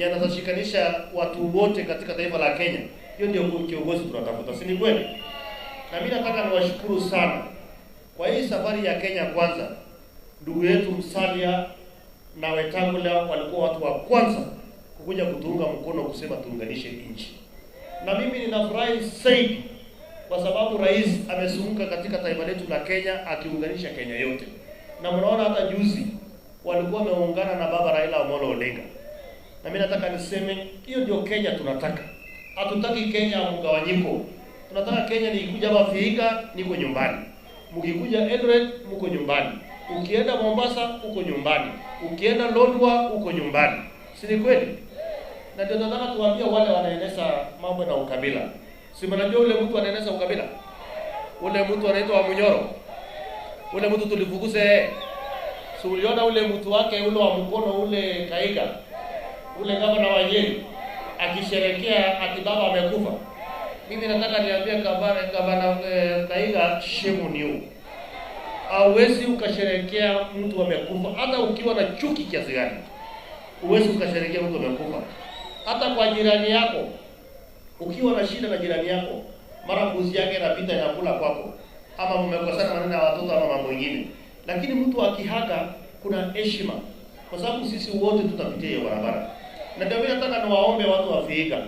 yanazoshikanisha watu wote katika taifa la Kenya. Hiyo ndio kiongozi tunatafuta, si ni kweli? Na mimi nataka niwashukuru sana kwa hii safari ya Kenya Kwanza. Ndugu yetu Msalia na Wetangula walikuwa watu wa kwanza kukuja kutuunga mkono kusema tuunganishe nchi, na mimi ninafurahi zaidi kwa sababu rais amezunguka katika taifa letu la Kenya akiunganisha Kenya yote, na mnaona hata juzi walikuwa wameungana na baba Raila Amolo Odinga. Na mimi nataka niseme hiyo ndio Kenya tunataka. Hatutaki Kenya mgawanyiko. Tunataka Kenya nikikuja Mafiika niko nyumbani. Mkikuja Eldoret mko nyumbani. Ukienda Mombasa uko nyumbani. Ukienda Lodwar uko nyumbani. Si ni kweli? Na ndio tunataka tuambie wale wanaeneza mambo na ukabila. Si mnajua ule mtu anaeneza ukabila? Ule mtu anaitwa Munyoro. Ule mtu tulifukuze. Si uliona ule mtu wake ule wa mkono ule Kaiga? ule gavana wa Nyeri akisherekea ati baba amekufa. Mimi nataka niambie gavana gavana Kaiga, eh, shemu ni huu. Hauwezi ukasherekea mtu amekufa, hata ukiwa na chuki kiasi gani, uwezi ukasherekea mtu amekufa. Hata kwa jirani yako, ukiwa na shida na jirani yako, mara mbuzi yake inapita inakula kwako, ama mmekosana maneno ya watoto ama mambo mengine, lakini mtu akihaga, kuna heshima, kwa sababu sisi wote tutapitia hiyo barabara. Na ndio vile nataka niwaombe watu wa Vihiga,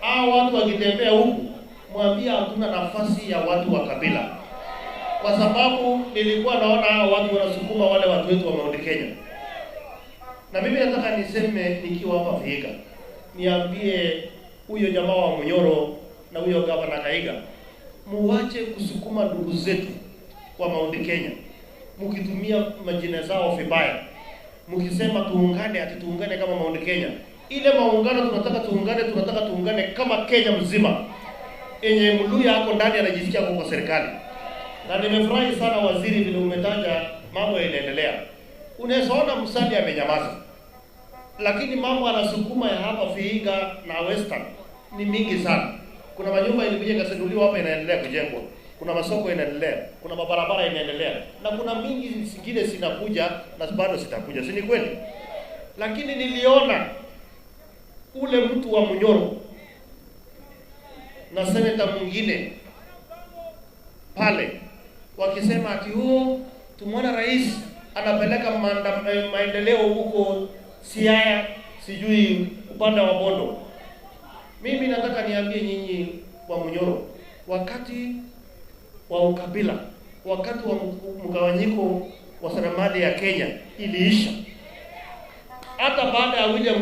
hao watu wakitembea huku, mwambie hatuna nafasi ya watu wa kabila, kwa sababu nilikuwa naona hao watu wanasukuma wale watu wetu wa Mount Kenya. Na mimi nataka niseme nikiwa hapa Vihiga, niambie huyo jamaa wa Munyoro na huyo gavana Kaiga, muwache kusukuma ndugu zetu wa Mount Kenya mkitumia majina zao vibaya mkisema tuungane, ati tuungane kama Mount Kenya. Ile maungano tunataka tuungane, tunataka tuungane kama Kenya mzima, yenye Mluya hapo ndani anajisikia kwa serikali. Na nimefurahi sana waziri, vile umetaja mambo yanaendelea. Unaweza Msali amenyamaza, lakini mambo anasukuma ya hapa Vihiga na Western ni mingi sana. Kuna manyumba ilikuja ikazinduliwa hapa, inaendelea kujengwa kuna masoko inaendelea, kuna mabarabara inaendelea, na kuna mingi zingine zinakuja na bado zitakuja, si ni kweli? Lakini niliona ule mtu wa Munyoro na seneta mwingine pale wakisema ati huo oh, tumwona rais anapeleka eh, maendeleo huko Siaya, sijui upande wa Bondo. Mimi nataka niambie nyinyi wa Munyoro, wakati wa ukabila wakati wa mgawanyiko wa seremali ya Kenya iliisha hata baada ya William